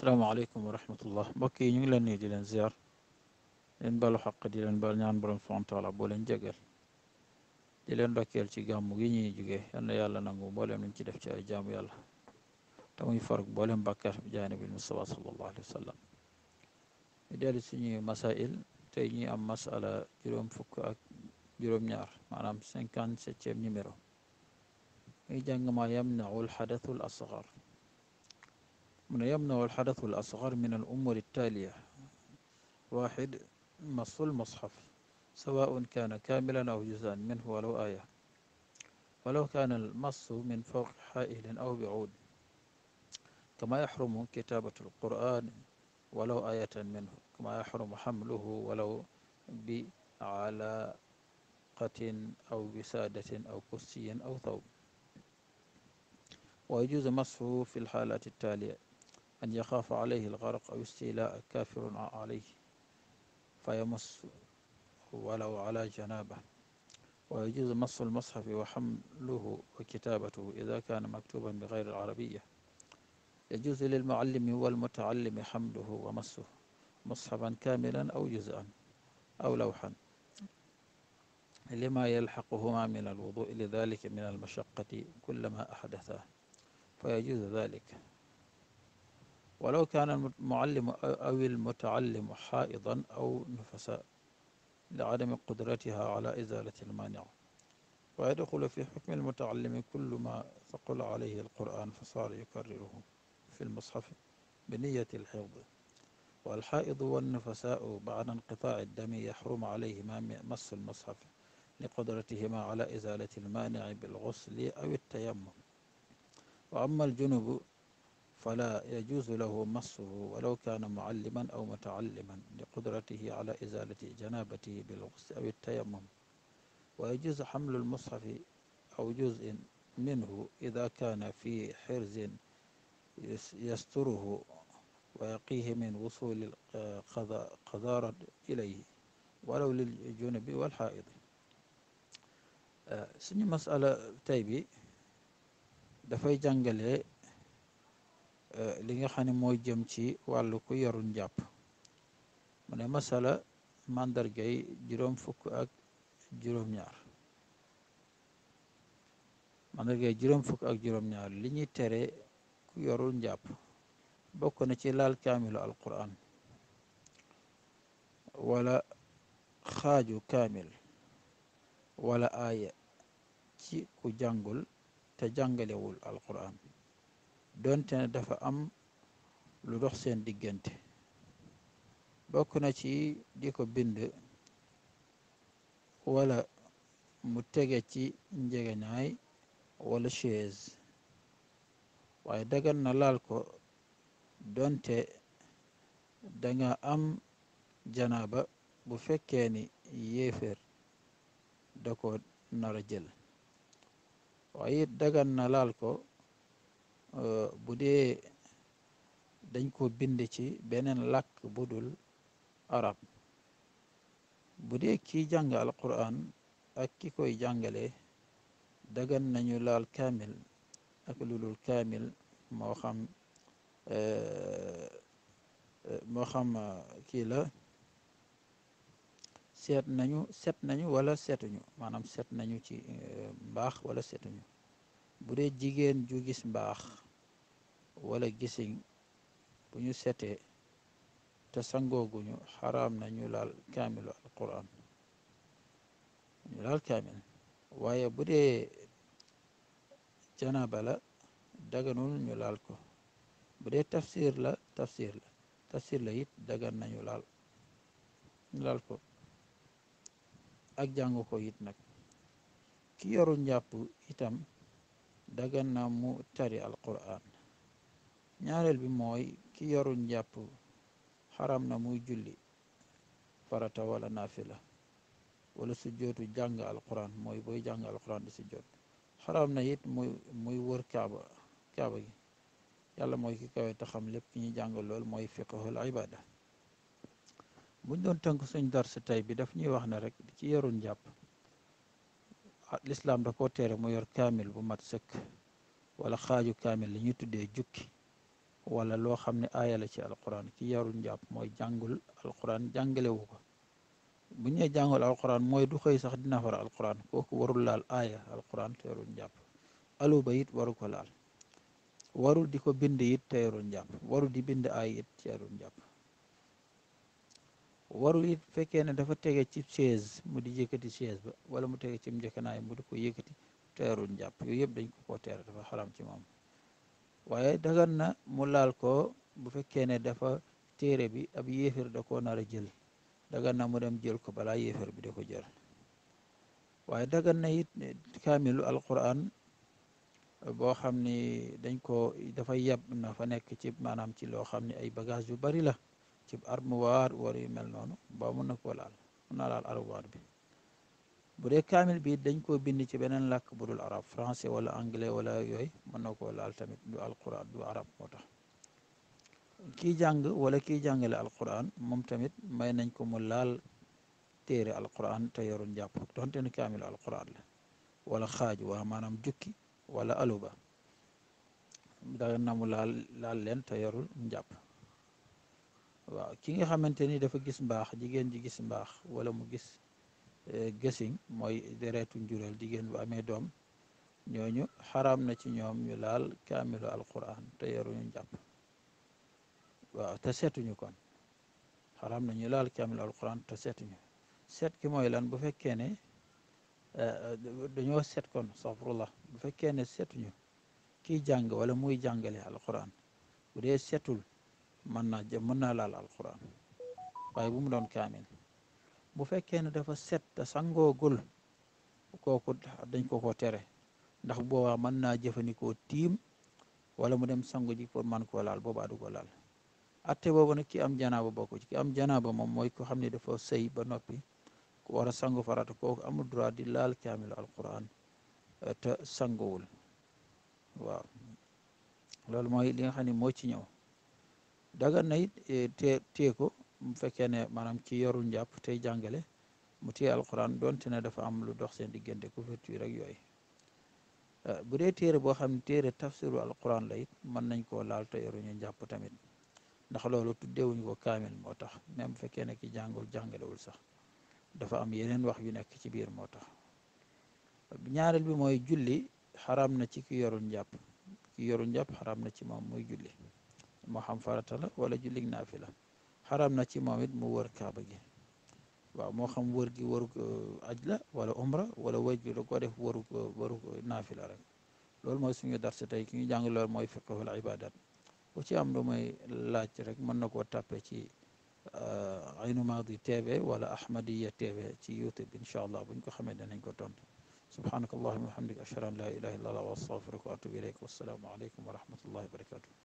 salaamaaleykum wa rahmatullah mbokk yi ñu ngi leen nuyu di leen ziar leen balu xaq di leen bal ñaan borom subhaanahu wa taala boo leen jégal di leen ndokkeel ci gàmmu gi ñuy jógee yal na yàlla nangu mbooleem luñ ci def ci ay jaamu yàlla te muy farg mbooleem bàkkaar bi jaanabil Mustafa sallallahu alayhi wa sallam ñu dellu suñuy masail tey ñuy am masala juróom fukk ak juróom-ñaar maanaam cinquante septième numéro muy jàng ma yamnaul xadathul asgar من يمنع الحدث الأصغر من الأمور التالية واحد مص المصحف سواء كان كاملا أو جزءا منه ولو آية ولو كان المص من فوق حائل أو بعود كما يحرم كتابة القرآن ولو آية منه كما يحرم حمله ولو بعلاقة أو بسادة أو كرسي أو ثوب ويجوز مصه في الحالات التالية أن يخاف عليه الغرق أو استيلاء كافر عليه فيمص ولو على جنابه ويجوز مص المصحف وحمله وكتابته إذا كان مكتوبا بغير العربية يجوز للمعلم والمتعلم حمله ومصه مصحفا كاملا أو جزءا أو لوحا لما يلحقهما من الوضوء لذلك من المشقة كلما أحدثا فيجوز ذلك ولو كان المعلم أو المتعلم حائضا أو نفساء لعدم قدرتها على إزالة المانع ويدخل في حكم المتعلم كل ما ثقل عليه القرآن فصار يكرره في المصحف بنية الحفظ والحائض والنفساء بعد انقطاع الدم يحرم عليهما مس المصحف لقدرتهما على إزالة المانع بالغسل أو التيمم وأما الجنب فلا يجوز له مصه ولو كان معلما أو متعلما لقدرته على إزالة جنابته بالغسل أو التيمم ويجوز حمل المصحف أو جزء منه إذا كان في حرز يستره ويقيه من وصول قذارة إليه ولو للجنب والحائض آه، سني مسألة تيبي دفع dafay Euh, li nga xam ne mooy jëm ci wàllu ku yorun jàpp mu ne masala màndargay juróom fukk ak juróom-ñaar ak juróom-ñaar li ñuy tere ku yorul njàpp bokk na ci laal kaamilu alquran wala xaaju kaamil wala aaya ci ku jàngul te jàngalewul alquran donte ne dafa am lu dox seen diggante bokk na ci di ko bind wala mu tege ci njeganaay wala chaise waaye dagan na laal ko donte danga am janaaba bu fekkee ni yéeféer da ko nara jël waaye it laal ko Euh, bu dee dañ ko bind ci beneen làkk bu dul arab bu dee kii jàng alquran ak ki koy jàngale dagan nañu laal kaamil ak lulul kaamil moo xam euh, euh, moo xam kii la seet nañu set nañu wala seetuñu maanaam seet nañu ci mbaax wala seetuñu bu dee jigéen ju gis mbaax wala gisiñ bu ñu setee te sangooguñu xaraam na ñu laal kaamilu alquran ñu laal kaamil waaye bu dee janaba la daganul ñu laal ko bu dee tafsir la tafsir la tafsir la it dagan nañu laal ñu laal ko ak jàng ko it nag ki yoru njàpp itam dagan na mu tari alquran ñaareel bi mooy ki yoru njàpp xaram na muy julli farata wala nafila wala su jootu alquran mooy booy jàng alquran di su joot na it muy muy wër kaaba kaaba gi yàlla mooy ki kawe te xam lépp ñuy jàng lool mooy fiqhul ibada buñ doon tënk dar si tey bi daf ñuy wax rek ci yarun Ah, lislaam da koo teere mu yor kaamil bu mat sëkk wala xaaju kaamil li ñu tuddee jukki wala loo xam ne aaya la ci alquran ki yarul njàpp mooy jàngul alquran jàngalewu ko bu ñu jàngul alquran mooy du xëy sax dina far alquran kooku warul laal aaya alquran te yarul njàpp aluba it waru ko laal warul di ko bind it te yarul njàpp warul di bind aaya it te yarul njàpp warul it fekkee ne dafa tege ci chaise mu di yëkkati chaise ba wala mu tege ci njëkkanaay mu di ko yëkkati teerul njàpp yooyu yëpp dañ ko koo teer dafa xaram ci moom waaye dagan na mu laal ko bu fekkee ne dafa téere bi ab yéefar da ko nar jël dagan na mu dem jël ko balaa yéefar bi da ko jël waaye dagan na it kaamilu alquran boo xam ni dañ ko dafa yab na fa nekk ci maanaam ci loo xam ni ay bagage yu bari la كيب أرموار وري مل نونو بامونا كولال هنا لال أرموار بي بري كامل بي دنكو بيني كي بنان لك برو العرب فرانسي ولا أنجلي ولا يوي منو كولال تميت دو القرآن دو عرب موتا كي جانج ولا كي جانج القرآن ممتمت ماي نانكو ملال تيري القرآن تيرون جاب دونتين كامل القرآن لا. ولا خاج وامانام جوكي ولا ألوبا da nga namu laal laal waaw ki nga xamante ni dafa gis mbaax jigéen ji gis mbaax wala mu gis eh, gësin mooy deretu njureel jigéen bu amee doom ñooñu xaram na ci ñoom ñu laal kaamilu alquran te yaruñu njàpp waaw te seetuñu kon xaram na ñu laal kaamilu alquran te seetuñu seet ki mooy lan bu fekkee ne eh, dañoo seet kon safrullah bu fekkee ne seetuñu kiy jàng wala muy jàngale alquran bu dee seetul mën naa jëm mën naa laal alquran waaye bu mu doon kaamil bu fekkee ne dafa set te sangoogul kooku dañ ko ko tere ndax boobaa mën naa jëfandikoo tiim wala mu dem sangu ji pour man koo laal boobaa du ko laal atte boobu nag ki am janaaba bokku ci ki am janaaba moom mooy ko xam ne dafa sëy ba noppi war a sangu farata kooku amul droit di laal kaamilu alquran te sanguwul waaw loolu mooy li nga xam ne moo ci ñëw dagan nayi tiye ko fekkene manam ki yoru njapp tey jàngale mu tiye alquran doontene dafa am lu dox seen diggante couverture ak yooyu eh, bu dee téere boo xam ne téere tafsiru alquran la it mën nañ koo laal te yoruñu njàpp tamit ndax loolu tuddeewuñ ko kaamil moo tax même fekkee ne ki jàngul jàngalewul sax dafa am yeneen wax yu nekk ci biir moo tax ñaareel bi mooy julli xaram na ci ki yorul njàpp ki yorul njàpp xaram na ci moom muy julli ما حم فرتله ولا جلیگ نافله حرام نتی مامید مور كابجي بگی و ما خم ورگی ورگ اجله ولا عمره ولا وجب رکوره ورگ ورگ نافله رن لول ماشینی درس تاکینی جنگل لول ماي فکر ول عبادت و چی امروز ماي لاتش رگ من نگو تابه چی عينو ماضي تابه ولا احمدية تابه چی يوتيوب ان شاء الله بین کو خمیده نیکوتن سبحانك اللهم وبحمدك اشهد ان لا اله الا الله واستغفرك واتوب اليك والسلام عليكم ورحمه الله وبركاته